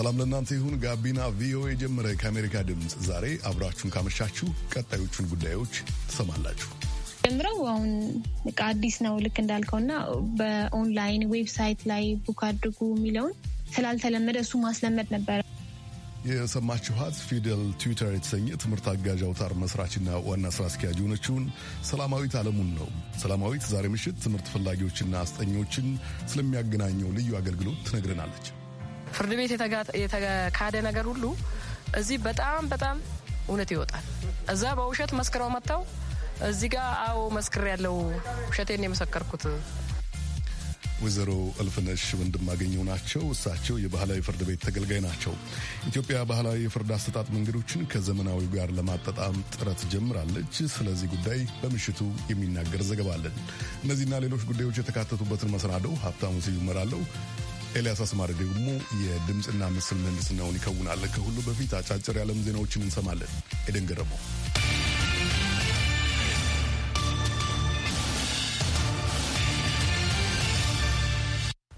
ሰላም ለእናንተ ይሁን። ጋቢና ቪኦኤ ጀመረ። ከአሜሪካ ድምፅ ዛሬ አብራችሁን ካመሻችሁ ቀጣዮቹን ጉዳዮች ትሰማላችሁ። ጀምረው አሁን በቃ አዲስ ነው ልክ እንዳልከውና በኦንላይን ዌብሳይት ላይ ቡክ አድርጉ የሚለውን ስላልተለመደ እሱ ማስለመድ ነበረ። የሰማችኋት ፊደል ትዊተር የተሰኘ ትምህርት አጋዥ አውታር መስራችና ዋና ስራ አስኪያጅ የሆነችውን ሰላማዊት አለሙን ነው። ሰላማዊት ዛሬ ምሽት ትምህርት ፈላጊዎችና አስጠኞችን ስለሚያገናኘው ልዩ አገልግሎት ትነግረናለች። ፍርድ ቤት የተካደ ነገር ሁሉ እዚህ በጣም በጣም እውነት ይወጣል። እዛ በውሸት መስክረው መጥተው እዚህ ጋር አዎ መስክር ያለው ውሸቴን የመሰከርኩት ወይዘሮ እልፍነሽ አገኘው ናቸው። እሳቸው የባህላዊ ፍርድ ቤት ተገልጋይ ናቸው። ኢትዮጵያ ባህላዊ የፍርድ አሰጣጥ መንገዶችን ከዘመናዊ ጋር ለማጣጣም ጥረት ጀምራለች። ስለዚህ ጉዳይ በምሽቱ የሚናገር ዘገባ እነዚህና ሌሎች ጉዳዮች የተካተቱበትን መሰናዶው ሀብታሙ ስዩም እመራለሁ። ኤልያስ አስማሪ ደግሞ የድምፅና ምስል ምህንድስናውን ይከውናል። ከሁሉ በፊት አጫጭር የዓለም ዜናዎችን እንሰማለን። ኤደን ገረሞ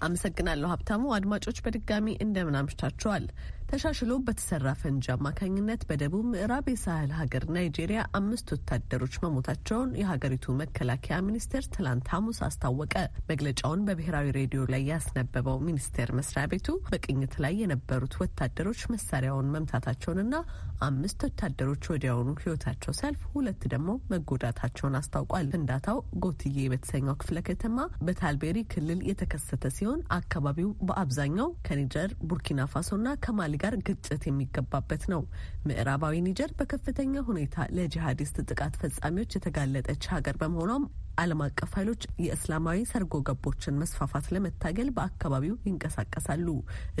አመሰግናለሁ ሀብታሙ። አድማጮች በድጋሚ እንደምን አምሽታችኋል? ተሻሽሎ በተሰራ ፈንጂ አማካኝነት በደቡብ ምዕራብ የሳህል ሀገር ናይጄሪያ አምስት ወታደሮች መሞታቸውን የሀገሪቱ መከላከያ ሚኒስቴር ትላንት ሐሙስ አስታወቀ። መግለጫውን በብሔራዊ ሬዲዮ ላይ ያስነበበው ሚኒስቴር መስሪያ ቤቱ በቅኝት ላይ የነበሩት ወታደሮች መሳሪያውን መምታታቸውንና አምስት ወታደሮች ወዲያውኑ ሕይወታቸው ሲያልፍ ሁለት ደግሞ መጎዳታቸውን አስታውቋል። ፍንዳታው ጎትዬ በተሰኘው ክፍለ ከተማ በታልቤሪ ክልል የተከሰተ ሲሆን አካባቢው በአብዛኛው ከኒጀር ቡርኪና ፋሶና ከማሊ ጋር ግጭት የሚገባበት ነው። ምዕራባዊ ኒጀር በከፍተኛ ሁኔታ ለጂሃዲስት ጥቃት ፈጻሚዎች የተጋለጠች ሀገር በመሆኗም ዓለም አቀፍ ኃይሎች የእስላማዊ ሰርጎ ገቦችን መስፋፋት ለመታገል በአካባቢው ይንቀሳቀሳሉ።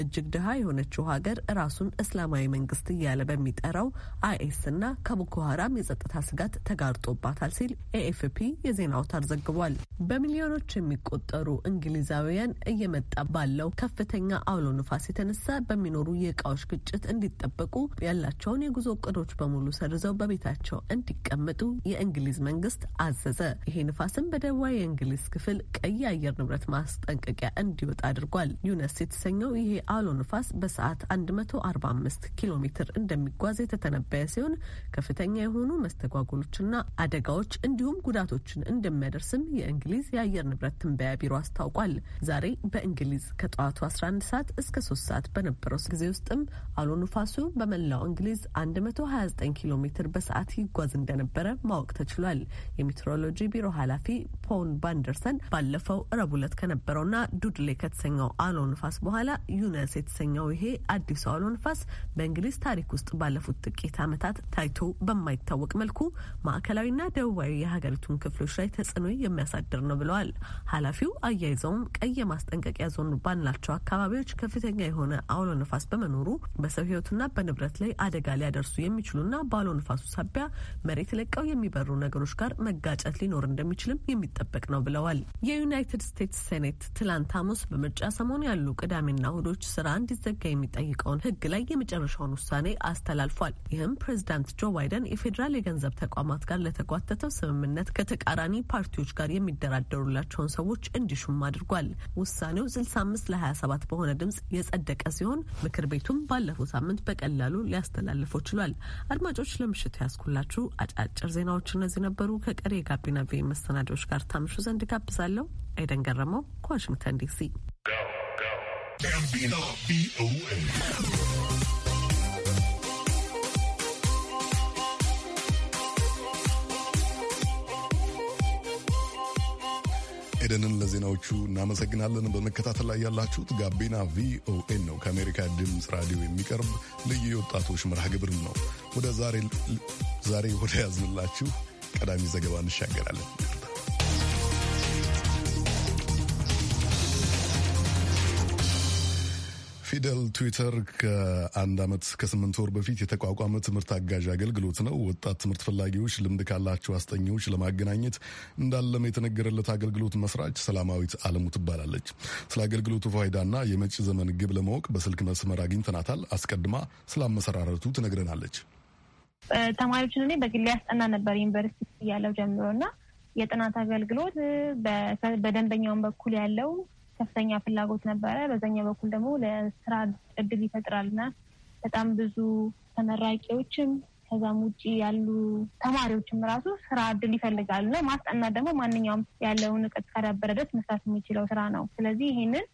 እጅግ ድሃ የሆነችው ሀገር ራሱን እስላማዊ መንግስት እያለ በሚጠራው አይኤስና ከቦኮ ሀራም የጸጥታ ስጋት ተጋርጦባታል ሲል ኤኤፍፒ የዜና አውታር ዘግቧል። በሚሊዮኖች የሚቆጠሩ እንግሊዛውያን እየመጣ ባለው ከፍተኛ አውሎ ንፋስ የተነሳ በሚኖሩ የእቃዎች ግጭት እንዲጠበቁ ያላቸውን የጉዞ እቅዶች በሙሉ ሰርዘው በቤታቸው እንዲቀመጡ የእንግሊዝ መንግስት አዘዘ። ይሄ ንፋስ ነፋስም በደቡባዊ የእንግሊዝ ክፍል ቀይ አየር ንብረት ማስጠንቀቂያ እንዲወጣ አድርጓል። ዩነስ የተሰኘው ይሄ አውሎ ነፋስ በሰዓት 145 ኪሎ ሜትር እንደሚጓዝ የተተነበየ ሲሆን ከፍተኛ የሆኑ መስተጓጎሎችና አደጋዎች እንዲሁም ጉዳቶችን እንደሚያደርስም የእንግሊዝ የአየር ንብረት ትንበያ ቢሮ አስታውቋል። ዛሬ በእንግሊዝ ከጠዋቱ 11 ሰዓት እስከ 3 ሰዓት በነበረው ጊዜ ውስጥም አውሎ ነፋሱ በመላው እንግሊዝ 129 ኪሎ ሜትር በሰዓት ይጓዝ እንደነበረ ማወቅ ተችሏል። የሜትሮሎጂ ቢሮ ኃላፊ ኃላፊ ፖን ባንደርሰን ባለፈው ረቡዕ ዕለት ከነበረውና ዱድሌ ከተሰኘው አውሎ ንፋስ በኋላ ዩነስ የተሰኘው ይሄ አዲሱ አውሎ ንፋስ በእንግሊዝ ታሪክ ውስጥ ባለፉት ጥቂት ዓመታት ታይቶ በማይታወቅ መልኩ ማዕከላዊና ደቡባዊ የሀገሪቱን ክፍሎች ላይ ተጽዕኖ የሚያሳድር ነው ብለዋል ኃላፊው። አያይዘውም ቀይ የማስጠንቀቂያ ዞን ባንላቸው አካባቢዎች ከፍተኛ የሆነ አውሎ ንፋስ በመኖሩ በሰው ሕይወትና በንብረት ላይ አደጋ ሊያደርሱ የሚችሉና በአውሎ ንፋሱ ሳቢያ መሬት ለቀው የሚበሩ ነገሮች ጋር መጋጨት ሊኖር እንደሚችል እንደሚችልም የሚጠበቅ ነው ብለዋል። የዩናይትድ ስቴትስ ሴኔት ትላንት ሐሙስ በምርጫ ሰሞን ያሉ ቅዳሜና እሁዶች ስራ እንዲዘጋ የሚጠይቀውን ህግ ላይ የመጨረሻውን ውሳኔ አስተላልፏል። ይህም ፕሬዚዳንት ጆ ባይደን የፌዴራል የገንዘብ ተቋማት ጋር ለተጓተተው ስምምነት ከተቃራኒ ፓርቲዎች ጋር የሚደራደሩላቸውን ሰዎች እንዲሹም አድርጓል። ውሳኔው 65 ለ27 በሆነ ድምጽ የጸደቀ ሲሆን ምክር ቤቱም ባለፈው ሳምንት በቀላሉ ሊያስተላልፈ ችሏል። አድማጮች ለምሽት ያስኩላችሁ አጫጭር ዜናዎች እነዚህ ነበሩ። ከቀሪ የጋቢና ቪ መሰ መሰናዶዎች ጋር ታምሹ ዘንድ ጋብዛለሁ። አይደን ገረመው ከዋሽንግተን ዲሲ ኤደንን ለዜናዎቹ እናመሰግናለን። በመከታተል ላይ ያላችሁት ጋቢና ቪኦኤን ነው። ከአሜሪካ ድምፅ ራዲዮ የሚቀርብ ልዩ የወጣቶች መርሃ ግብርን ነው። ወደ ዛሬ ወደ ያዝንላችሁ ቀዳሚ ዘገባ እንሻገራለን። ፊደል ትዊተር ከአንድ ዓመት ከስምንት ወር በፊት የተቋቋመ ትምህርት አጋዥ አገልግሎት ነው። ወጣት ትምህርት ፈላጊዎች ልምድ ካላቸው አስጠኚዎች ለማገናኘት እንዳለም የተነገረለት አገልግሎት መስራች ሰላማዊት አለሙ ትባላለች። ስለ አገልግሎቱ ፋይዳና የመጪ ዘመን ግብ ለማወቅ በስልክ መስመር አግኝተናታል። አስቀድማ ስላመሰራረቱ ትነግረናለች። ተማሪዎችን እኔ በግሌ ያስጠና ነበር ዩኒቨርሲቲ ያለው ጀምሮና የጥናት አገልግሎት በደንበኛውን በኩል ያለው ከፍተኛ ፍላጎት ነበረ። በዛኛው በኩል ደግሞ ለስራ እድል ይፈጥራል እና በጣም ብዙ ተመራቂዎችም ከዛም ውጭ ያሉ ተማሪዎችም ራሱ ስራ እድል ይፈልጋሉ እና ማስጠናት ደግሞ ማንኛውም ያለውን እውቀት ካዳበረ ድረስ መስራት የሚችለው ስራ ነው። ስለዚህ ይሄንን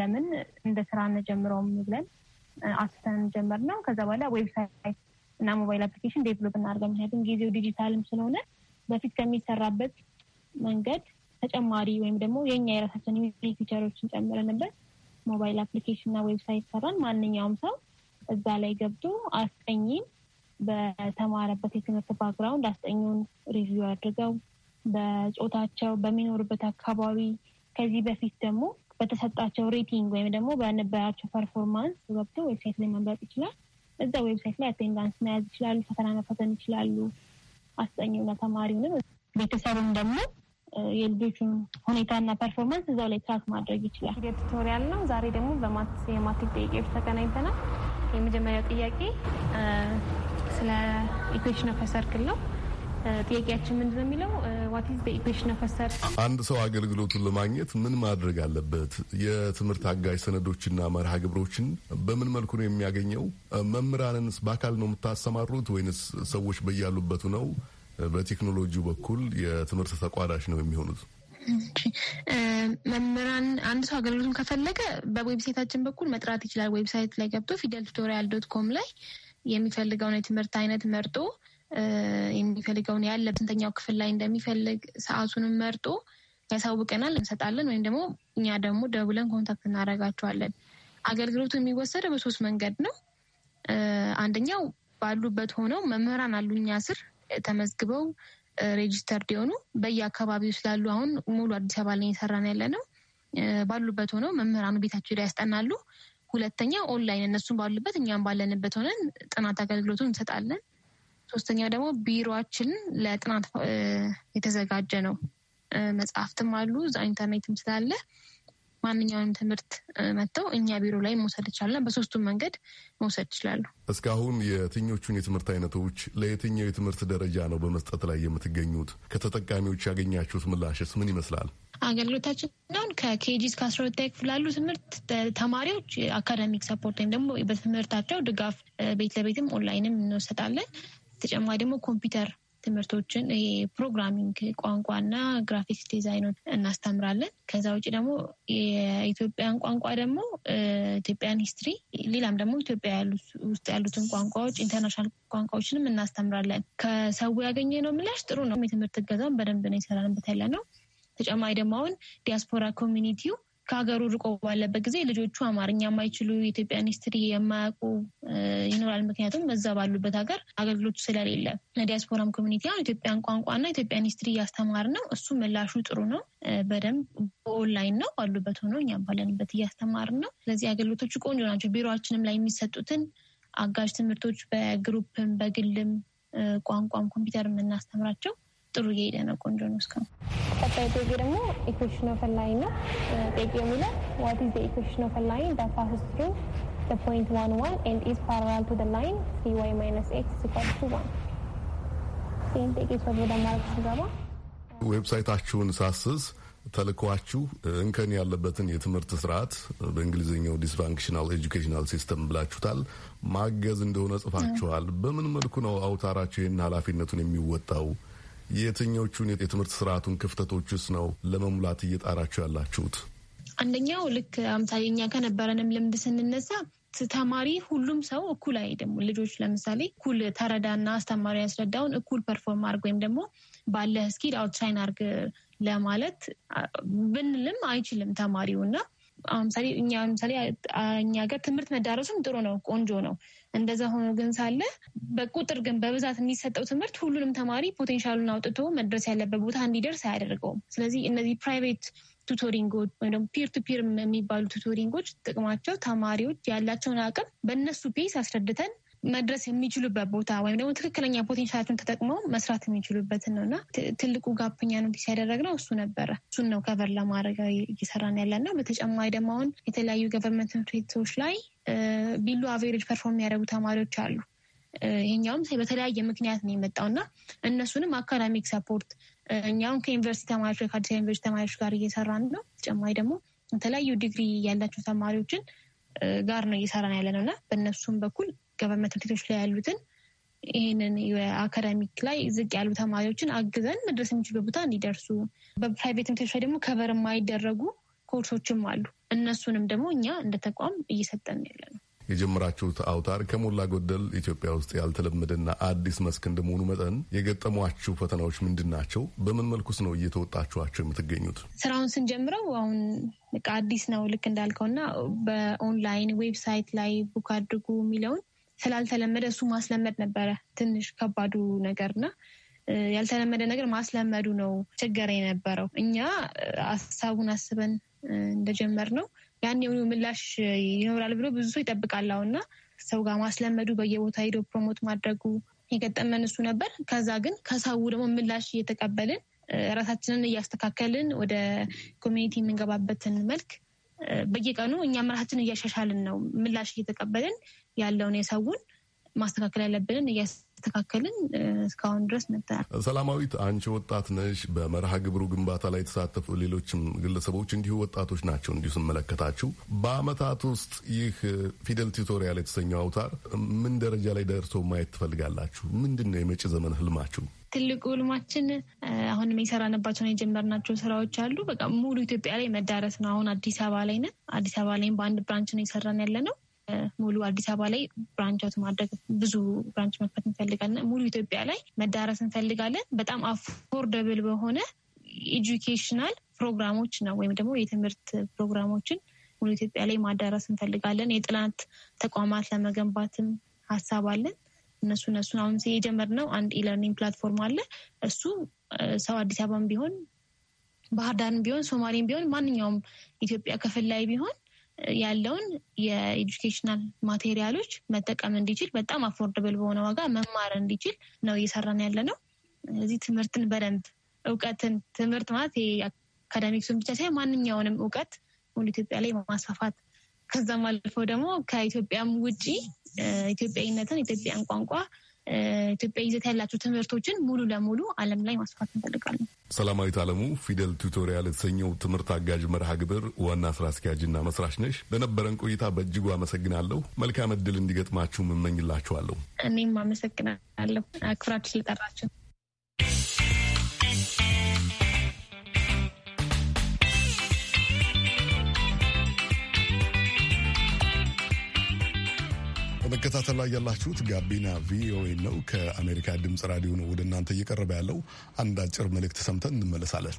ለምን እንደ ስራ እንጀምረውም ብለን አስተን ጀመር ነው። ከዛ በኋላ ዌብሳይት እና ሞባይል አፕሊኬሽን ዴቨሎፕ እናደርገ። ምክንያቱም ጊዜው ዲጂታልም ስለሆነ በፊት ከሚሰራበት መንገድ ተጨማሪ ወይም ደግሞ የኛ የራሳችን ዩኒክ ፊቸሮችን ጨምረንበት ሞባይል አፕሊኬሽን እና ዌብሳይት ሰራን። ማንኛውም ሰው እዛ ላይ ገብቶ አስጠኚን በተማረበት የትምህርት ባክግራውንድ አስጠኙን ሪቪው አድርገው በጾታቸው፣ በሚኖሩበት አካባቢ ከዚህ በፊት ደግሞ በተሰጣቸው ሬቲንግ ወይም ደግሞ በነበራቸው ፐርፎርማንስ ገብቶ ዌብሳይት ላይ መምረጥ ይችላል። እዛ ዌብሳይት ላይ አቴንዳንስ መያዝ ይችላሉ። ፈተና መፈተን ይችላሉ። አስጠኙና ተማሪውንም ቤተሰቡም ደግሞ የልጆቹን ሁኔታና ፐርፎርማንስ እዛው ላይ ትራክ ማድረግ ይችላል። ቱቶሪያል ነው። ዛሬ ደግሞ በማት የማትሪክ ጥያቄዎች ተገናኝተናል። የመጀመሪያው ጥያቄ ስለ ኢኩዌሽን ኦፍ ሰርክል ነው። ጥያቄያችን ምንድን ነው የሚለው ዋትዝ በኢኩዌሽን ኦፍ ሰርክል። አንድ ሰው አገልግሎቱን ለማግኘት ምን ማድረግ አለበት? የትምህርት አጋዥ ሰነዶችና መርሃ ግብሮችን በምን መልኩ ነው የሚያገኘው? መምህራንንስ በአካል ነው የምታሰማሩት ወይንስ ሰዎች በያሉበቱ ነው በቴክኖሎጂው በኩል የትምህርት ተቋዳሽ ነው የሚሆኑት? መምህራን አንድ ሰው አገልግሎቱን ከፈለገ በዌብሳይታችን በኩል መጥራት ይችላል። ዌብሳይት ላይ ገብቶ ፊደል ቱቶሪያል ዶት ኮም ላይ የሚፈልገውን የትምህርት አይነት መርጦ የሚፈልገውን ያለ ስንተኛው ክፍል ላይ እንደሚፈልግ ሰዓቱንም መርጦ ያሳውቀናል፣ እንሰጣለን። ወይም ደግሞ እኛ ደግሞ ደውለን ኮንታክት እናደርጋቸዋለን። አገልግሎቱ የሚወሰደው በሶስት መንገድ ነው። አንደኛው ባሉበት ሆነው መምህራን አሉ እኛ ስር ተመዝግበው ሬጅስተር ሊሆኑ በየአካባቢው ስላሉ አሁን ሙሉ አዲስ አበባ ላይ የሰራን ያለ ነው ባሉበት ሆነው መምህራኑ ቤታቸው ላይ ያስጠናሉ። ሁለተኛ ኦንላይን እነሱን ባሉበት እኛም ባለንበት ሆነን ጥናት አገልግሎቱን እንሰጣለን። ሶስተኛ ደግሞ ቢሮችን ለጥናት የተዘጋጀ ነው። መጽሐፍትም አሉ እዛ ኢንተርኔትም ስላለ ማንኛውንም ትምህርት መጥተው እኛ ቢሮ ላይ መውሰድ ይቻልና በሶስቱም መንገድ መውሰድ ይችላሉ። እስካሁን የትኞቹን የትምህርት አይነቶች ለየትኛው የትምህርት ደረጃ ነው በመስጠት ላይ የምትገኙት? ከተጠቃሚዎች ያገኛችሁት ምላሽስ ምን ይመስላል? አገልግሎታችን አሁን ከኬጂ እስከ አስራ ሁለተኛ ክፍል ላሉ ትምህርት ተማሪዎች አካዳሚክ ሰፖርት ወይም ደግሞ በትምህርታቸው ድጋፍ ቤት ለቤትም ኦንላይንም እንወሰጣለን። ተጨማሪ ደግሞ ኮምፒውተር ትምህርቶችን የፕሮግራሚንግ ቋንቋና ግራፊክስ ዲዛይኖች እናስተምራለን። ከዛ ውጭ ደግሞ የኢትዮጵያን ቋንቋ ደግሞ ኢትዮጵያን ሂስትሪ፣ ሌላም ደግሞ ኢትዮጵያ ውስጥ ያሉትን ቋንቋዎች ኢንተርናሽናል ቋንቋዎችንም እናስተምራለን። ከሰው ነው ምላሽ ጥሩ ነው። የትምህርት እገዛውን በደንብ ነው የሰራንበት ያለ ነው። ተጨማሪ ደግሞ አሁን ዲያስፖራ ኮሚኒቲው ከሀገሩ ርቆ ባለበት ጊዜ ልጆቹ አማርኛ የማይችሉ የኢትዮጵያን ሂስትሪ የማያውቁ ይኖራል። ምክንያቱም በዛ ባሉበት ሀገር አገልግሎቱ ስለሌለ ለዲያስፖራም ኮሚኒቲ አሁን ኢትዮጵያን ቋንቋና ኢትዮጵያን ሂስትሪ እያስተማር ነው። እሱ ምላሹ ጥሩ ነው። በደንብ በኦንላይን ነው ባሉበት ሆኖ እኛ ባለንበት እያስተማር ነው። ስለዚህ አገልግሎቶቹ ቆንጆ ናቸው። ቢሮችንም ላይ የሚሰጡትን አጋዥ ትምህርቶች በግሩፕም በግልም ቋንቋም ኮምፒውተር የምናስተምራቸው ጥሩ እየሄደ ነው። ቆንጆ ነው። እስካሁን ቀጣይ ጥያቄ ደግሞ ኢኩዌሽን ኦፍ ላይን ነው። ጥያቄው የሚለው ዋት ኢዝ ዘ ኢኩዌሽን ኦፍ ላይን ዳት ፓስስ ትሩ ፖይንት ዋን ዋን ኤንድ ኢዝ ፓራላል ቱ ላይን ሲ ዋይ ማይነስ ኤክስ ኢኳል ቱ ዋን። ይህን ጥያቄ ሰብሮ ወደ ማድረግ ስገባ ዌብሳይታችሁን ሳስስ ተልኳችሁ እንከን ያለበትን የትምህርት ስርዓት በእንግሊዝኛው ዲስፋንክሽናል ኤጁኬሽናል ሲስተም ብላችሁታል፣ ማገዝ እንደሆነ ጽፋችኋል። በምን መልኩ ነው አውታራችሁ ይህን ኃላፊነቱን የሚወጣው? የትኞቹን የትምህርት ስርዓቱን ክፍተቶችስ ነው ለመሙላት እየጣራችሁ ያላችሁት? አንደኛው ልክ አምሳሌኛ ከነበረንም ልምድ ስንነሳ ተማሪ ሁሉም ሰው እኩል አይሄድም። ልጆች ለምሳሌ እኩል ተረዳና አስተማሪ ያስረዳውን እኩል ፐርፎርም አድርግ ወይም ደግሞ ባለ ስኪድ አውትሻይን አርግ ለማለት ብንልም አይችልም ተማሪው እና ምሳሌ እኛ ምሳሌ እኛ ሀገር ትምህርት መዳረሱም ጥሩ ነው፣ ቆንጆ ነው። እንደዛ ሆኖ ግን ሳለ በቁጥር ግን በብዛት የሚሰጠው ትምህርት ሁሉንም ተማሪ ፖቴንሻሉን አውጥቶ መድረስ ያለበት ቦታ እንዲደርስ አያደርገውም። ስለዚህ እነዚህ ፕራይቬት ቱቶሪንጎች ወይም ደግሞ ፒር ቱ ፒር የሚባሉ ቱቶሪንጎች ጥቅማቸው ተማሪዎች ያላቸውን አቅም በእነሱ ፔስ አስረድተን መድረስ የሚችሉበት ቦታ ወይም ደግሞ ትክክለኛ ፖቴንሻላቸውን ተጠቅመው መስራት የሚችሉበትን ነው እና ትልቁ ጋፕኛ ነው ሲያደረግ ነው እሱ ነበረ። እሱን ነው ከቨር ለማድረግ እየሰራን ያለ ነው። በተጨማሪ ደግሞ አሁን የተለያዩ ገቨርንመንት ትምህርት ቤቶች ላይ ቢሉ አቬሬጅ ፐርፎርም የሚያደርጉ ተማሪዎች አሉ። ይሄኛውም በተለያየ ምክንያት ነው የመጣው እና እነሱንም አካዳሚክ ሰፖርት እኛውም ከዩኒቨርሲቲ ተማሪዎች ከአዲስ ዩኒቨርሲቲ ተማሪዎች ጋር እየሰራን ነው። በተጨማሪ ደግሞ የተለያዩ ዲግሪ ያላቸው ተማሪዎችን ጋር ነው እየሰራን ያለ ነው እና በእነሱም በኩል ገቨርንመንት ትምህርት ላይ ያሉትን ይህንን የአካዳሚክ ላይ ዝቅ ያሉ ተማሪዎችን አግዘን መድረስ የሚችሉ ቦታ እንዲደርሱ፣ በፕራይቬት ትምህርት ላይ ደግሞ ከበር የማይደረጉ ኮርሶችም አሉ። እነሱንም ደግሞ እኛ እንደ ተቋም እየሰጠን ያለ ነው። የጀመራችሁት አውታር ከሞላ ጎደል ኢትዮጵያ ውስጥ ያልተለመደና አዲስ መስክ እንደመሆኑ መጠን የገጠሟችሁ ፈተናዎች ምንድን ናቸው? በምን መልኩስ ነው እየተወጣችኋቸው የምትገኙት? ስራውን ስንጀምረው አሁን አዲስ ነው ልክ እንዳልከውና በኦንላይን ዌብሳይት ላይ ቡክ አድርጉ የሚለውን ስላልተለመደ እሱ ማስለመድ ነበረ ትንሽ ከባዱ ነገርና ያልተለመደ ነገር ማስለመዱ ነው ችግር የነበረው። እኛ ሀሳቡን አስበን እንደጀመር ነው ያን የሆኑ ምላሽ ይኖራል ብሎ ብዙ ሰው ይጠብቃል እና ሰው ጋር ማስለመዱ በየቦታ ሄዶ ፕሮሞት ማድረጉ የገጠመን እሱ ነበር። ከዛ ግን ከሰው ደግሞ ምላሽ እየተቀበልን ራሳችንን እያስተካከልን ወደ ኮሚኒቲ የምንገባበትን መልክ በየቀኑ እኛ ምርሃትን እያሻሻልን ነው ምላሽ እየተቀበልን ያለውን የሰውን ማስተካከል ያለብንን እያስተካከልን እስካሁን ድረስ መጠናል። ሰላማዊት፣ አንቺ ወጣት ነሽ። በመርሃ ግብሩ ግንባታ ላይ የተሳተፉ ሌሎችም ግለሰቦች እንዲሁ ወጣቶች ናቸው። እንዲሁ ስመለከታችሁ በአመታት ውስጥ ይህ ፊደል ቲቶሪያል የተሰኘው አውታር ምን ደረጃ ላይ ደርሶ ማየት ትፈልጋላችሁ? ምንድን ነው የመጪ ዘመን ህልማችሁ? ትልቁ ህልማችን አሁንም የሰራንባቸው የጀመርናቸው ስራዎች አሉ። በቃ ሙሉ ኢትዮጵያ ላይ መዳረስ ነው። አሁን አዲስ አበባ ላይ ነን። አዲስ አበባ ላይም በአንድ ብራንች ነው የሰራን ያለ ነው ሙሉ አዲስ አበባ ላይ ብራንች አውት ማድረግ ብዙ ብራንች መክፈት እንፈልጋለን። ሙሉ ኢትዮጵያ ላይ መዳረስ እንፈልጋለን። በጣም አፎርደብል በሆነ ኤጁኬሽናል ፕሮግራሞች ነው ወይም ደግሞ የትምህርት ፕሮግራሞችን ሙሉ ኢትዮጵያ ላይ ማዳረስ እንፈልጋለን። የጥናት ተቋማት ለመገንባትም ሀሳብ አለን። እነሱ እነሱን አሁን የጀመርነው አንድ ኢለርኒንግ ፕላትፎርም አለ። እሱ ሰው አዲስ አበባም ቢሆን ባህር ዳርም ቢሆን ሶማሌም ቢሆን ማንኛውም ኢትዮጵያ ክፍል ላይ ቢሆን ያለውን የኤዱኬሽናል ማቴሪያሎች መጠቀም እንዲችል በጣም አፎርደብል በሆነ ዋጋ መማር እንዲችል ነው እየሰራን ያለ ነው። እዚህ ትምህርትን በደንብ እውቀትን ትምህርት ማለት ይሄ አካዳሚክሱን ብቻ ሳይሆን ማንኛውንም እውቀት ሁሉ ኢትዮጵያ ላይ ማስፋፋት ከዛም አልፈው ደግሞ ከኢትዮጵያም ውጪ ኢትዮጵያዊነትን፣ ኢትዮጵያን ቋንቋ ኢትዮጵያ ይዘት ያላቸው ትምህርቶችን ሙሉ ለሙሉ ዓለም ላይ ማስፋት እንፈልጋለን። ሰላማዊት አለሙ ፊደል ቱቶሪያል የተሰኘው ትምህርት አጋዥ መርሃ ግብር ዋና ስራ አስኪያጅና መስራች ነሽ። ለነበረን ቆይታ በእጅጉ አመሰግናለሁ። መልካም እድል እንዲገጥማችሁ እመኝላችኋለሁ። እኔም አመሰግናለሁ አክብራችሁ ስለጠራችሁ። በመከታተል ላይ ያላችሁት ጋቢና ቪኦኤ ነው። ከአሜሪካ ድምፅ ራዲዮ ነው ወደ እናንተ እየቀረበ ያለው። አንድ አጭር መልእክት ሰምተን እንመለሳለን።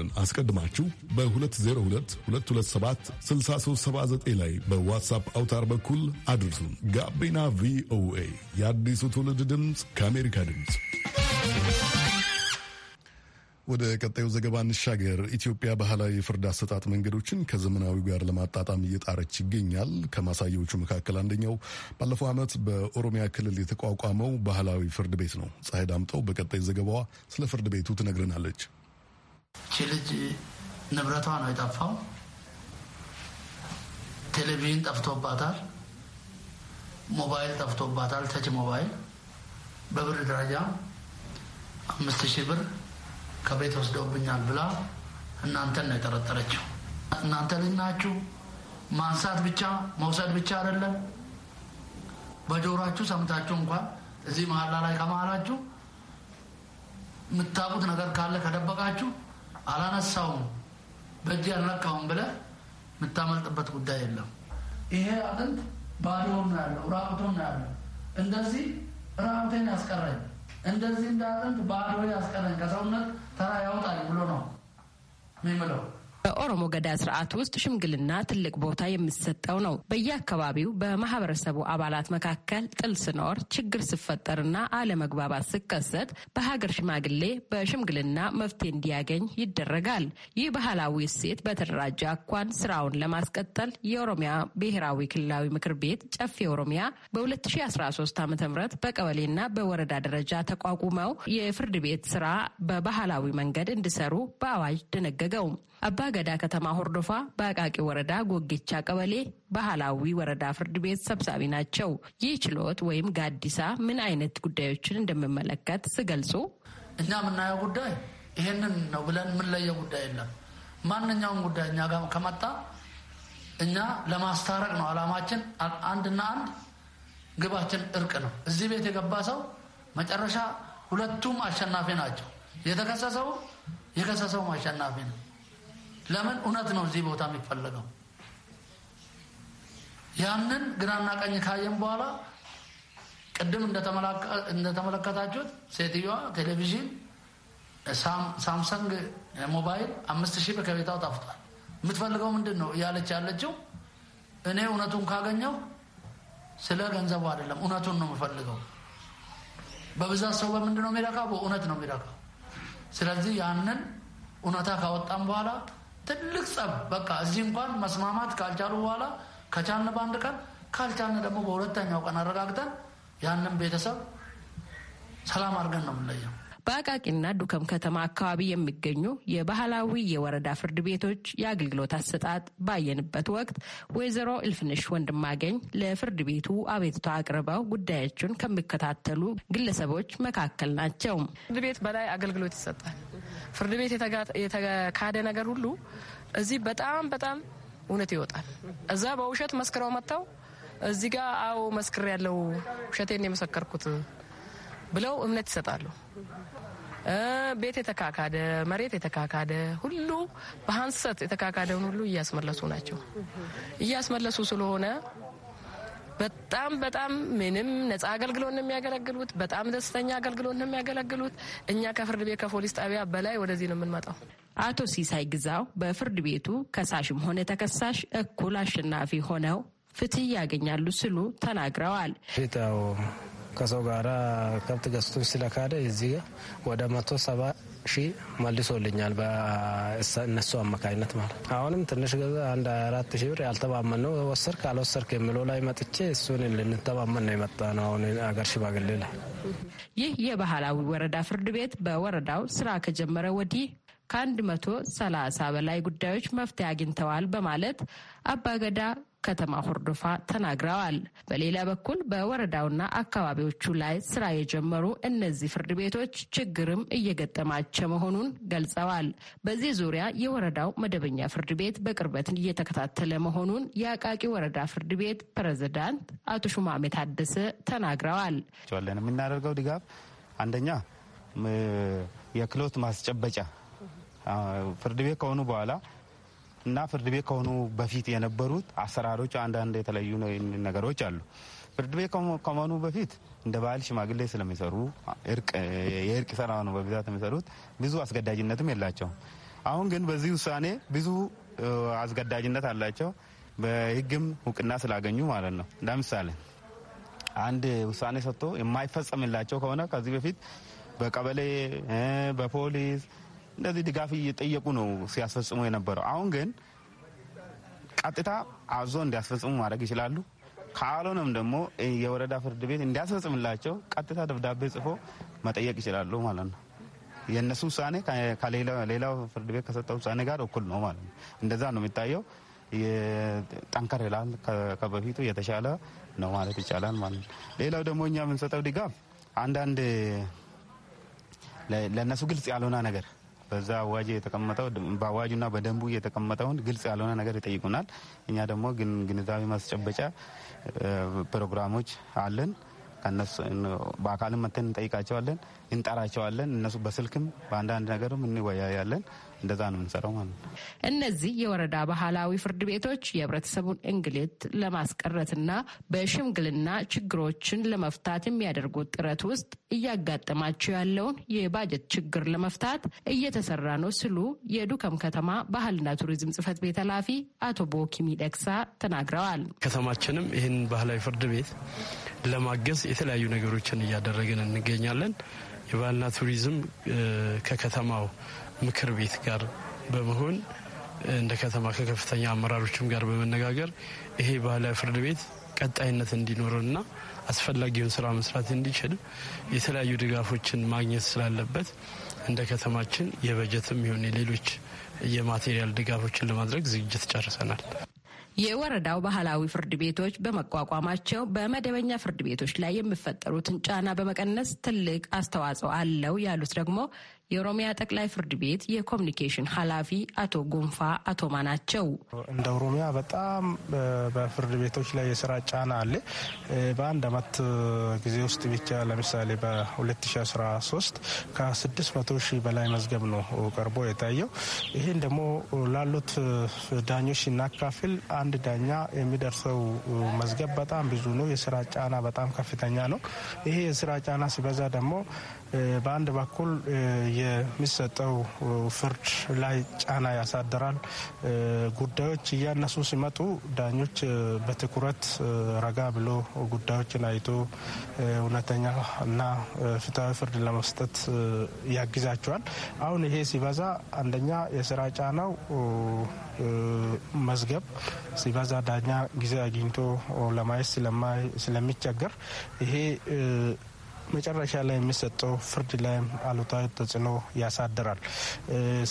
ቁጥርን አስቀድማችሁ በ2022276379 ላይ በዋትሳፕ አውታር በኩል አድርሱን። ጋቢና ቪኦኤ የአዲሱ ትውልድ ድምፅ ከአሜሪካ ድምፅ። ወደ ቀጣዩ ዘገባ እንሻገር። ኢትዮጵያ ባህላዊ የፍርድ አሰጣጥ መንገዶችን ከዘመናዊ ጋር ለማጣጣም እየጣረች ይገኛል። ከማሳያዎቹ መካከል አንደኛው ባለፈው ዓመት በኦሮሚያ ክልል የተቋቋመው ባህላዊ ፍርድ ቤት ነው። ፀሐይ ዳምጠው በቀጣይ ዘገባዋ ስለ ፍርድ ቤቱ ትነግረናለች። ልጅ ንብረቷ ነው የጠፋው። ቴሌቪዥን ጠፍቶባታል። ሞባይል ጠፍቶባታል። ተች ሞባይል በብር ደረጃ አምስት ሺህ ብር ከቤት ወስደውብኛል ብላ እናንተን ነው የጠረጠረችው። እናንተ ልጅ ናችሁ። ማንሳት ብቻ መውሰድ ብቻ አይደለም፣ በጆሯችሁ ሰምታችሁ እንኳን እዚህ መሀላ ላይ ከመሀላችሁ የምታውቁት ነገር ካለ ከደበቃችሁ አላነሳውም በእጅ አልነካውም ብለህ የምታመልጥበት ጉዳይ የለም። ይሄ አጥንት ባዶውን ያለው ራቁቱን ያለው እንደዚህ ራቁቴን ያስቀረኝ እንደዚህ እንደ አጥንት ባዶ ያስቀረኝ ከሰውነት ተራ ያውጣኝ ብሎ ነው የሚምለው። በኦሮሞ ገዳ ስርዓት ውስጥ ሽምግልና ትልቅ ቦታ የሚሰጠው ነው። በየአካባቢው በማህበረሰቡ አባላት መካከል ጥል ስኖር፣ ችግር ስፈጠርና አለመግባባት ስከሰት በሀገር ሽማግሌ በሽምግልና መፍትሄ እንዲያገኝ ይደረጋል። ይህ ባህላዊ እሴት በተደራጀ አኳን ስራውን ለማስቀጠል የኦሮሚያ ብሔራዊ ክልላዊ ምክር ቤት ጨፌ ኦሮሚያ በ2013 ዓ ም በቀበሌና በወረዳ ደረጃ ተቋቁመው የፍርድ ቤት ስራ በባህላዊ መንገድ እንዲሰሩ በአዋጅ ደነገገው። ገዳ ከተማ ሆርዶፋ በአቃቂ ወረዳ ጎጌቻ ቀበሌ ባህላዊ ወረዳ ፍርድ ቤት ሰብሳቢ ናቸው። ይህ ችሎት ወይም ጋዲሳ ምን አይነት ጉዳዮችን እንደሚመለከት ሲገልጹ እኛ የምናየው ጉዳይ ይሄንን ነው ብለን የምንለየው ጉዳይ የለም። ማንኛውም ጉዳይ እኛ ጋር ከመጣ እኛ ለማስታረቅ ነው አላማችን። አንድና አንድ ግባችን እርቅ ነው። እዚህ ቤት የገባ ሰው መጨረሻ ሁለቱም አሸናፊ ናቸው። የተከሰሰው የከሰሰውም አሸናፊ ነው። ለምን እውነት ነው እዚህ ቦታ የሚፈለገው። ያንን ግራና ቀኝ ካየን በኋላ ቅድም እንደተመለከታችሁት ሴትዮዋ ቴሌቪዥን፣ ሳምሰንግ ሞባይል አምስት ሺህ ብር ከቤታው ጠፍቷል። የምትፈልገው ምንድን ነው እያለች ያለችው እኔ እውነቱን ካገኘው ስለ ገንዘቡ አይደለም እውነቱን ነው የምፈልገው። በብዛት ሰው በምንድን ነው የሚረካው? በእውነት ነው የሚረካው። ስለዚህ ያንን እውነታ ካወጣም በኋላ ትልቅ ጸብ በቃ እዚህ እንኳን መስማማት ካልቻሉ በኋላ ከቻልን በአንድ ቀን ካልቻልን ደግሞ በሁለተኛው ቀን አረጋግጠን ያንን ቤተሰብ ሰላም አድርገን ነው የምንለየው። በአቃቂና ዱከም ከተማ አካባቢ የሚገኙ የባህላዊ የወረዳ ፍርድ ቤቶች የአገልግሎት አሰጣጥ ባየንበት ወቅት ወይዘሮ እልፍንሽ ወንድማገኝ ለፍርድ ቤቱ አቤቱታ አቅርበው ጉዳያቸውን ከሚከታተሉ ግለሰቦች መካከል ናቸው። ፍርድ ቤት በላይ አገልግሎት ይሰጣል። ፍርድ ቤት የተካደ ነገር ሁሉ እዚህ በጣም በጣም እውነት ይወጣል። እዛ በውሸት መስክረው መጥተው እዚህ ጋር አዎ መስክር ያለው ውሸቴን የመሰከርኩት ብለው እምነት ይሰጣሉ። ቤት የተካካደ መሬት የተካካደ ሁሉ በሀንሰት የተካካደውን ሁሉ እያስመለሱ ናቸው። እያስመለሱ ስለሆነ በጣም በጣም ምንም ነጻ አገልግሎት ነው የሚያገለግሉት። በጣም ደስተኛ አገልግሎት ነው የሚያገለግሉት። እኛ ከፍርድ ቤት ከፖሊስ ጣቢያ በላይ ወደዚህ ነው የምንመጣው። አቶ ሲሳይ ግዛው በፍርድ ቤቱ ከሳሽም ሆነ ተከሳሽ እኩል አሸናፊ ሆነው ፍትህ ያገኛሉ ስሉ ተናግረዋል። ከሰው ጋር ከብት ገዝቶ ስለካደ እዚህ ወደ መቶ ሰባ ሺህ መልሶልኛል በእነሱ አማካኝነት ማለት አሁንም ትንሽ ገዛ አንድ አራት ሺህ ብር ያልተማመን ነው ወሰርክ አልወሰርክ የሚለው ላይ መጥቼ እሱን ልንተማመን ነው የመጣ ነው። አሁን አገር ሽማግሌ ላይ ይህ የባህላዊ ወረዳ ፍርድ ቤት በወረዳው ስራ ከጀመረ ወዲህ ከአንድ መቶ ሰላሳ በላይ ጉዳዮች መፍትሄ አግኝተዋል በማለት አባገዳ ከተማ ሆርዶፋ ተናግረዋል። በሌላ በኩል በወረዳውና አካባቢዎቹ ላይ ስራ የጀመሩ እነዚህ ፍርድ ቤቶች ችግርም እየገጠማቸው መሆኑን ገልጸዋል። በዚህ ዙሪያ የወረዳው መደበኛ ፍርድ ቤት በቅርበት እየተከታተለ መሆኑን የአቃቂ ወረዳ ፍርድ ቤት ፕሬዝዳንት አቶ ሹማሜ ታደሰ ተናግረዋል። የምናደርገው ድጋፍ አንደኛ የክሎት ማስጨበጫ ፍርድ ቤት ከሆኑ በኋላ እና ፍርድ ቤት ከሆኑ በፊት የነበሩት አሰራሮች አንዳንድ የተለዩ ነገሮች አሉ። ፍርድ ቤት ከመሆኑ በፊት እንደ ባህል ሽማግሌ ስለሚሰሩ የእርቅ ስራ ነው በብዛት የሚሰሩት። ብዙ አስገዳጅነትም የላቸውም። አሁን ግን በዚህ ውሳኔ ብዙ አስገዳጅነት አላቸው። በህግም እውቅና ስላገኙ ማለት ነው። ለምሳሌ አንድ ውሳኔ ሰጥቶ የማይፈጸምላቸው ከሆነ ከዚህ በፊት በቀበሌ በፖሊስ እንደዚህ ድጋፍ እየጠየቁ ነው ሲያስፈጽሙ የነበረው። አሁን ግን ቀጥታ አዞ እንዲያስፈጽሙ ማድረግ ይችላሉ። ካልሆነም ደግሞ የወረዳ ፍርድ ቤት እንዲያስፈጽምላቸው ቀጥታ ደብዳቤ ጽፎ መጠየቅ ይችላሉ ማለት ነው። የእነሱ ውሳኔ ከሌላው ፍርድ ቤት ከሰጠው ውሳኔ ጋር እኩል ነው ማለት ነው። እንደዛ ነው የሚታየው። ጠንከር ይላል። ከበፊቱ የተሻለ ነው ማለት ይቻላል ማለት ነው። ሌላው ደግሞ እኛ የምንሰጠው ድጋፍ አንዳንድ ለእነሱ ግልጽ ያልሆነ ነገር በዛ አዋጅ የተቀመጠው በአዋጁና በደንቡ የተቀመጠውን ግልጽ ያልሆነ ነገር ይጠይቁናል። እኛ ደግሞ ግንዛቤ ማስጨበጫ ፕሮግራሞች አለን። ከነሱ በአካልም መተን እንጠይቃቸዋለን፣ እንጠራቸዋለን። እነሱ በስልክም በአንዳንድ ነገርም እንወያያለን። እንደዛ ነው የምንሰራው ማለት ነው። እነዚህ የወረዳ ባህላዊ ፍርድ ቤቶች የህብረተሰቡን እንግልት ለማስቀረትና በሽምግልና ችግሮችን ለመፍታት የሚያደርጉት ጥረት ውስጥ እያጋጠማቸው ያለውን የባጀት ችግር ለመፍታት እየተሰራ ነው ሲሉ የዱከም ከተማ ባህልና ቱሪዝም ጽህፈት ቤት ኃላፊ አቶ ቦኪ ሚደቅሳ ተናግረዋል። ከተማችንም ይህን ባህላዊ ፍርድ ቤት ለማገዝ የተለያዩ ነገሮችን እያደረግን እንገኛለን። የባህልና ቱሪዝም ከከተማው ምክር ቤት ጋር በመሆን እንደ ከተማ ከከፍተኛ አመራሮችም ጋር በመነጋገር ይሄ ባህላዊ ፍርድ ቤት ቀጣይነት እንዲኖርና አስፈላጊውን ስራ መስራት እንዲችል የተለያዩ ድጋፎችን ማግኘት ስላለበት እንደ ከተማችን የበጀትም ይሁን የሌሎች የማቴሪያል ድጋፎችን ለማድረግ ዝግጅት ጨርሰናል። የወረዳው ባህላዊ ፍርድ ቤቶች በመቋቋማቸው በመደበኛ ፍርድ ቤቶች ላይ የሚፈጠሩትን ጫና በመቀነስ ትልቅ አስተዋጽኦ አለው ያሉት ደግሞ የኦሮሚያ ጠቅላይ ፍርድ ቤት የኮሚኒኬሽን ኃላፊ አቶ ጎንፋ አቶማ ናቸው። እንደ ኦሮሚያ በጣም በፍርድ ቤቶች ላይ የስራ ጫና አለ። በአንድ አመት ጊዜ ውስጥ ብቻ ለምሳሌ በ2013 ከ600 ሺህ በላይ መዝገብ ነው ቀርቦ የታየው። ይህን ደግሞ ላሉት ዳኞች ሲናካፍል አንድ ዳኛ የሚደርሰው መዝገብ በጣም ብዙ ነው። የስራ ጫና በጣም ከፍተኛ ነው። ይሄ የስራ ጫና ሲበዛ ደግሞ በአንድ በኩል የሚሰጠው ፍርድ ላይ ጫና ያሳድራል። ጉዳዮች እያነሱ ሲመጡ ዳኞች በትኩረት ረጋ ብሎ ጉዳዮችን አይቶ እውነተኛ እና ፍትሐዊ ፍርድ ለመስጠት ያግዛቸዋል። አሁን ይሄ ሲበዛ አንደኛ የስራ ጫናው መዝገብ ሲበዛ ዳኛ ጊዜ አግኝቶ ለማየት ስለሚቸገር ይሄ መጨረሻ ላይ የሚሰጠው ፍርድ ላይም አሉታዊ ተጽዕኖ ያሳድራል።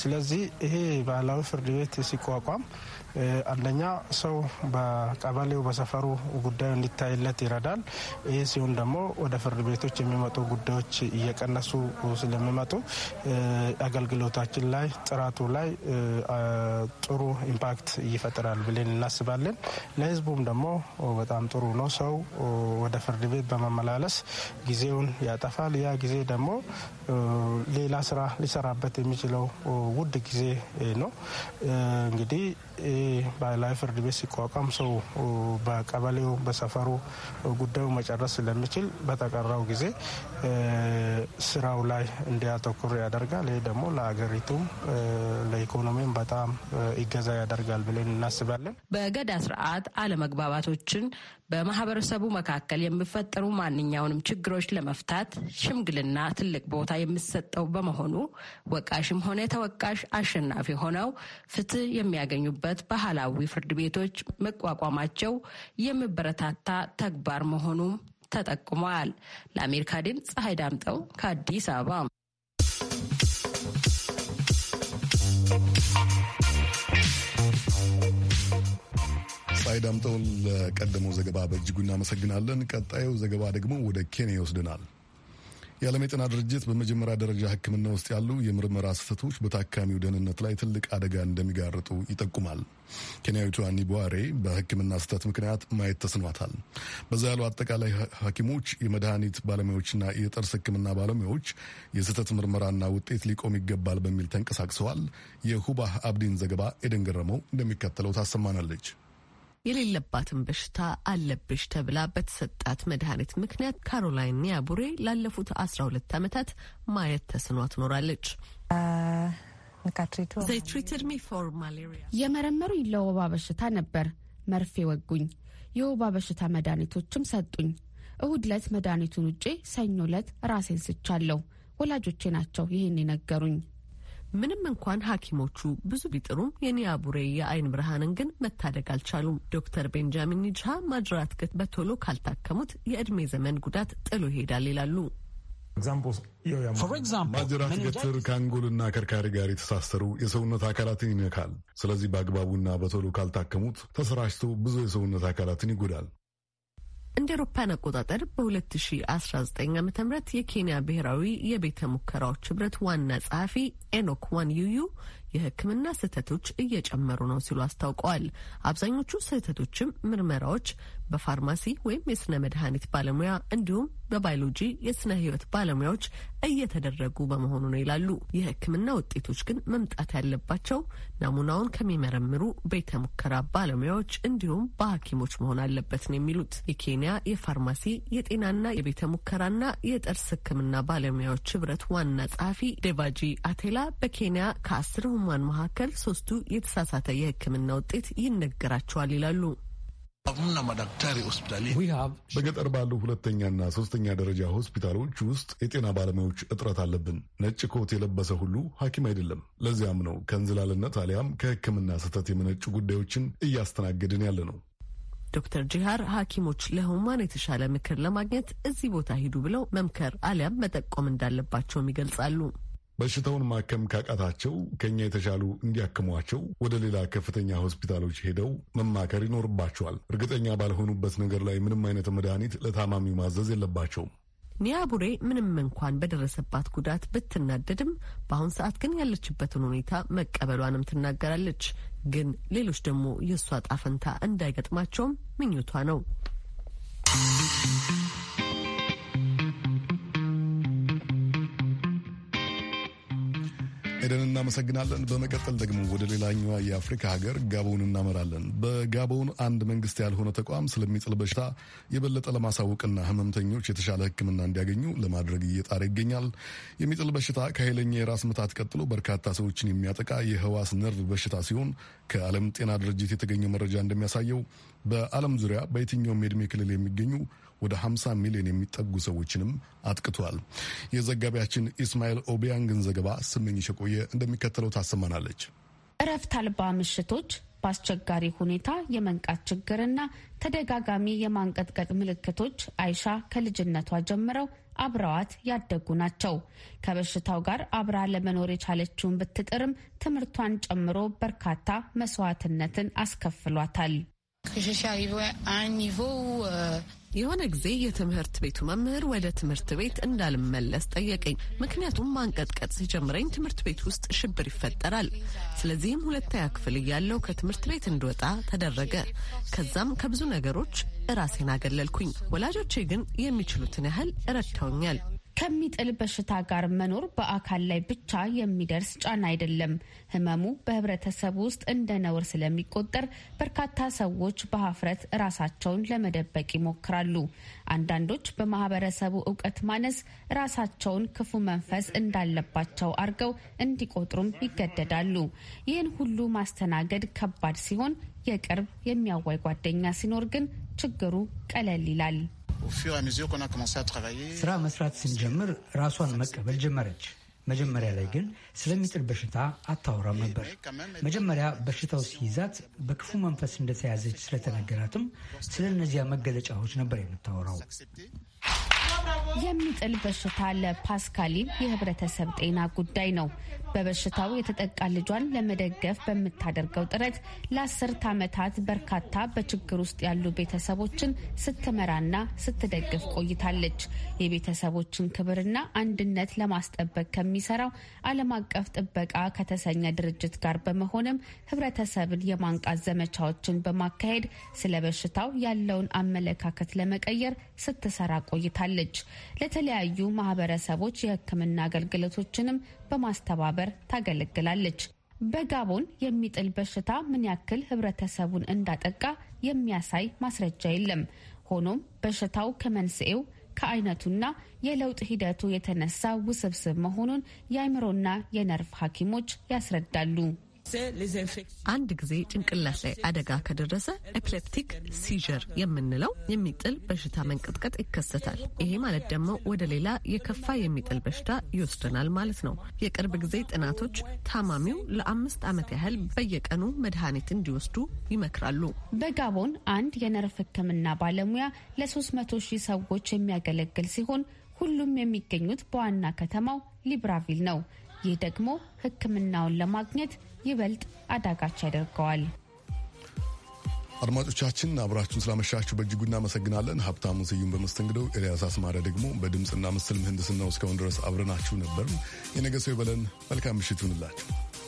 ስለዚህ ይሄ ባህላዊ ፍርድ ቤት ሲቋቋም አንደኛ ሰው በቀበሌው በሰፈሩ ጉዳዩ እንዲታይለት ይረዳል። ይህ ሲሆን ደግሞ ወደ ፍርድ ቤቶች የሚመጡ ጉዳዮች እየቀነሱ ስለሚመጡ አገልግሎታችን ላይ ጥራቱ ላይ ጥሩ ኢምፓክት ይፈጥራል ብለን እናስባለን። ለህዝቡም ደግሞ በጣም ጥሩ ነው። ሰው ወደ ፍርድ ቤት በመመላለስ ጊዜውን ያጠፋል። ያ ጊዜ ደግሞ ሌላ ስራ ሊሰራበት የሚችለው ውድ ጊዜ ነው እንግዲህ ባህላዊ ፍርድ ቤት ሲቋቋም ሰው በቀበሌው በሰፈሩ ጉዳዩ መጨረስ ስለሚችል በተቀራው ጊዜ ስራው ላይ እንዲያተኩር ያደርጋል። ይህ ደግሞ ለሀገሪቱም ለኢኮኖሚም በጣም ይገዛ ያደርጋል ብለን እናስባለን። በገዳ ስርዓት አለመግባባቶችን በማህበረሰቡ መካከል የሚፈጠሩ ማንኛውንም ችግሮች ለመፍታት ሽምግልና ትልቅ ቦታ የሚሰጠው በመሆኑ ወቃሽም ሆነ ተወቃሽ አሸናፊ ሆነው ፍትህ የሚያገኙበት ባህላዊ ፍርድ ቤቶች መቋቋማቸው የሚበረታታ ተግባር መሆኑም ተጠቁመዋል። ለአሜሪካ ድምፅ ፀሐይ ዳምጠው ከአዲስ አበባ ፀሐይ ዳምጠውን ለቀደመው ዘገባ በእጅጉ እናመሰግናለን። ቀጣዩ ዘገባ ደግሞ ወደ ኬንያ ይወስደናል። የዓለም የጤና ድርጅት በመጀመሪያ ደረጃ ሕክምና ውስጥ ያሉ የምርመራ ስህተቶች በታካሚው ደህንነት ላይ ትልቅ አደጋ እንደሚጋርጡ ይጠቁማል። አኒ ቧሬ በሕክምና ስህተት ምክንያት ማየት ተስኗታል። በዛ ያሉ አጠቃላይ ሐኪሞች፣ የመድኃኒት ባለሙያዎችና የጥርስ ሕክምና ባለሙያዎች የስህተት ምርመራና ውጤት ሊቆም ይገባል በሚል ተንቀሳቅሰዋል። የሁባህ አብዲን ዘገባ ኤደን ገረመው እንደሚከተለው ታሰማናለች። የሌለባትን በሽታ አለብሽ ተብላ በተሰጣት መድኃኒት ምክንያት ካሮላይን ኒያቡሬ ላለፉት አስራ ሁለት ዓመታት ማየት ተስኗ ትኖራለች። የመረመሩ ለወባ በሽታ ነበር። መርፌ ወጉኝ፣ የወባ በሽታ መድኃኒቶችም ሰጡኝ። እሁድ ለት መድኃኒቱን ውጪ፣ ሰኞ ለት ራሴን ስቻለሁ። ወላጆቼ ናቸው ይህን የነገሩኝ። ምንም እንኳን ሐኪሞቹ ብዙ ቢጥሩም የኒያቡሬ የአይን ብርሃንን ግን መታደግ አልቻሉም። ዶክተር ቤንጃሚን ኒጅሃ ማጅራት ገት በቶሎ ካልታከሙት የእድሜ ዘመን ጉዳት ጥሎ ይሄዳል ይላሉ። ማጅራት ገትር ከአንጎልና ከርካሪ ጋር የተሳሰሩ የሰውነት አካላትን ይነካል። ስለዚህ በአግባቡና በቶሎ ካልታከሙት ተሰራጭቶ ብዙ የሰውነት አካላትን ይጎዳል። እንደ አውሮፓን አቆጣጠር በ2019 ዓ ም የኬንያ ብሔራዊ የቤተ ሙከራዎች ህብረት ዋና ጸሐፊ ኤኖክ ዋን ዩዩ የሕክምና ስህተቶች እየጨመሩ ነው ሲሉ አስታውቀዋል። አብዛኞቹ ስህተቶችም ምርመራዎች በፋርማሲ ወይም የስነ መድኃኒት ባለሙያ እንዲሁም በባዮሎጂ የስነ ህይወት ባለሙያዎች እየተደረጉ በመሆኑ ነው ይላሉ። የህክምና ውጤቶች ግን መምጣት ያለባቸው ናሙናውን ከሚመረምሩ ቤተ ሙከራ ባለሙያዎች እንዲሁም በሐኪሞች መሆን አለበት ነው የሚሉት የኬንያ የፋርማሲ የጤናና የቤተ ሙከራና የጥርስ ህክምና ባለሙያዎች ህብረት ዋና ጸሐፊ ዴቫጂ አቴላ በኬንያ ከአስር ከህሙማን መካከል ሶስቱ የተሳሳተ የህክምና ውጤት ይነገራቸዋል ይላሉ። በገጠር ባሉ ሁለተኛና ሶስተኛ ደረጃ ሆስፒታሎች ውስጥ የጤና ባለሙያዎች እጥረት አለብን። ነጭ ኮት የለበሰ ሁሉ ሐኪም አይደለም። ለዚያም ነው ከእንዝላልነት አሊያም ከህክምና ስህተት የመነጩ ጉዳዮችን እያስተናገድን ያለ ነው። ዶክተር ጂሃር ሐኪሞች ለህሙማን የተሻለ ምክር ለማግኘት እዚህ ቦታ ሂዱ ብለው መምከር አሊያም መጠቆም እንዳለባቸውም ይገልጻሉ። በሽታውን ማከም ካቃታቸው ከኛ የተሻሉ እንዲያክሟቸው ወደ ሌላ ከፍተኛ ሆስፒታሎች ሄደው መማከር ይኖርባቸዋል። እርግጠኛ ባልሆኑበት ነገር ላይ ምንም አይነት መድኃኒት ለታማሚው ማዘዝ የለባቸውም። ኒያቡሬ ምንም እንኳን በደረሰባት ጉዳት ብትናደድም በአሁን ሰዓት ግን ያለችበትን ሁኔታ መቀበሏንም ትናገራለች። ግን ሌሎች ደግሞ የእሷ ጣፈንታ እንዳይገጥማቸውም ምኞቷ ነው። ኤደን እናመሰግናለን። በመቀጠል ደግሞ ወደ ሌላኛዋ የአፍሪካ ሀገር ጋቦን እናመራለን። በጋቦን አንድ መንግስት ያልሆነ ተቋም ስለሚጥል በሽታ የበለጠ ለማሳወቅና ህመምተኞች የተሻለ ሕክምና እንዲያገኙ ለማድረግ እየጣረ ይገኛል። የሚጥል በሽታ ከኃይለኛ የራስ ምታት ቀጥሎ በርካታ ሰዎችን የሚያጠቃ የህዋስ ነርቭ በሽታ ሲሆን ከዓለም ጤና ድርጅት የተገኘው መረጃ እንደሚያሳየው በዓለም ዙሪያ በየትኛውም የዕድሜ ክልል የሚገኙ ወደ 50 ሚሊዮን የሚጠጉ ሰዎችንም አጥቅቷል። የዘጋቢያችን ኢስማኤል ኦቢያንግን ዘገባ ስመኝሽ ቆየ እንደሚከተለው ታሰማናለች። እረፍት አልባ ምሽቶች በአስቸጋሪ ሁኔታ የመንቃት ችግርና ተደጋጋሚ የማንቀጥቀጥ ምልክቶች አይሻ ከልጅነቷ ጀምረው አብረዋት ያደጉ ናቸው። ከበሽታው ጋር አብራ ለመኖር የቻለችውን ብትጥርም ትምህርቷን ጨምሮ በርካታ መስዋዕትነትን አስከፍሏታል። የሆነ ጊዜ የትምህርት ቤቱ መምህር ወደ ትምህርት ቤት እንዳልመለስ ጠየቀኝ። ምክንያቱም ማንቀጥቀጥ ሲጀምረኝ ትምህርት ቤት ውስጥ ሽብር ይፈጠራል። ስለዚህም ሁለተኛ ክፍል እያለው ከትምህርት ቤት እንድወጣ ተደረገ። ከዛም ከብዙ ነገሮች እራሴን አገለልኩኝ። ወላጆቼ ግን የሚችሉትን ያህል ረድተውኛል። ከሚጥል በሽታ ጋር መኖር በአካል ላይ ብቻ የሚደርስ ጫና አይደለም። ህመሙ በህብረተሰቡ ውስጥ እንደ ነውር ስለሚቆጠር በርካታ ሰዎች በሀፍረት ራሳቸውን ለመደበቅ ይሞክራሉ። አንዳንዶች በማህበረሰቡ እውቀት ማነስ ራሳቸውን ክፉ መንፈስ እንዳለባቸው አድርገው እንዲቆጥሩም ይገደዳሉ። ይህን ሁሉ ማስተናገድ ከባድ ሲሆን፣ የቅርብ የሚያዋይ ጓደኛ ሲኖር ግን ችግሩ ቀለል ይላል። ስራ መስራት ስንጀምር ራሷን መቀበል ጀመረች። መጀመሪያ ላይ ግን ስለሚጥል በሽታ አታወራም ነበር። መጀመሪያ በሽታው ሲይዛት በክፉ መንፈስ እንደተያዘች ስለተነገራትም ስለ እነዚያ መገለጫዎች ነበር የምታወራው። የሚጥል በሽታ ለፓስካሊን የህብረተሰብ ጤና ጉዳይ ነው። በበሽታው የተጠቃ ልጇን ለመደገፍ በምታደርገው ጥረት ለአስርት ዓመታት በርካታ በችግር ውስጥ ያሉ ቤተሰቦችን ስትመራና ስትደግፍ ቆይታለች። የቤተሰቦችን ክብርና አንድነት ለማስጠበቅ ከሚሰራው ዓለም አቀፍ ጥበቃ ከተሰኘ ድርጅት ጋር በመሆንም ህብረተሰብን የማንቃት ዘመቻዎችን በማካሄድ ስለ በሽታው ያለውን አመለካከት ለመቀየር ስትሰራ ቆይታለች። ለተለያዩ ማህበረሰቦች የህክምና አገልግሎቶችንም በማስተባበር በማዳበር ታገለግላለች። በጋቦን የሚጥል በሽታ ምን ያክል ህብረተሰቡን እንዳጠቃ የሚያሳይ ማስረጃ የለም። ሆኖም በሽታው ከመንስኤው ከአይነቱና የለውጥ ሂደቱ የተነሳ ውስብስብ መሆኑን የአእምሮና የነርቭ ሐኪሞች ያስረዳሉ። አንድ ጊዜ ጭንቅላት ላይ አደጋ ከደረሰ ኤፕሌፕቲክ ሲጀር የምንለው የሚጥል በሽታ መንቀጥቀጥ ይከሰታል። ይሄ ማለት ደግሞ ወደ ሌላ የከፋ የሚጥል በሽታ ይወስደናል ማለት ነው። የቅርብ ጊዜ ጥናቶች ታማሚው ለአምስት ዓመት ያህል በየቀኑ መድኃኒት እንዲወስዱ ይመክራሉ። በጋቦን አንድ የነርፍ ሕክምና ባለሙያ ለ300 ሺህ ሰዎች የሚያገለግል ሲሆን ሁሉም የሚገኙት በዋና ከተማው ሊብራቪል ነው። ይህ ደግሞ ሕክምናውን ለማግኘት ይበልጥ አዳጋች ያደርገዋል። አድማጮቻችን አብራችሁን ስላመሻችሁ በእጅጉ እናመሰግናለን። ሀብታሙ ስዩም በመስተንግደው፣ ኤልያስ አስማሪያ ደግሞ በድምፅና ምስል ምህንድስናው እስካሁን ድረስ አብረናችሁ ነበር። የነገ ሰው ይበለን። መልካም ምሽት ይሁንላችሁ።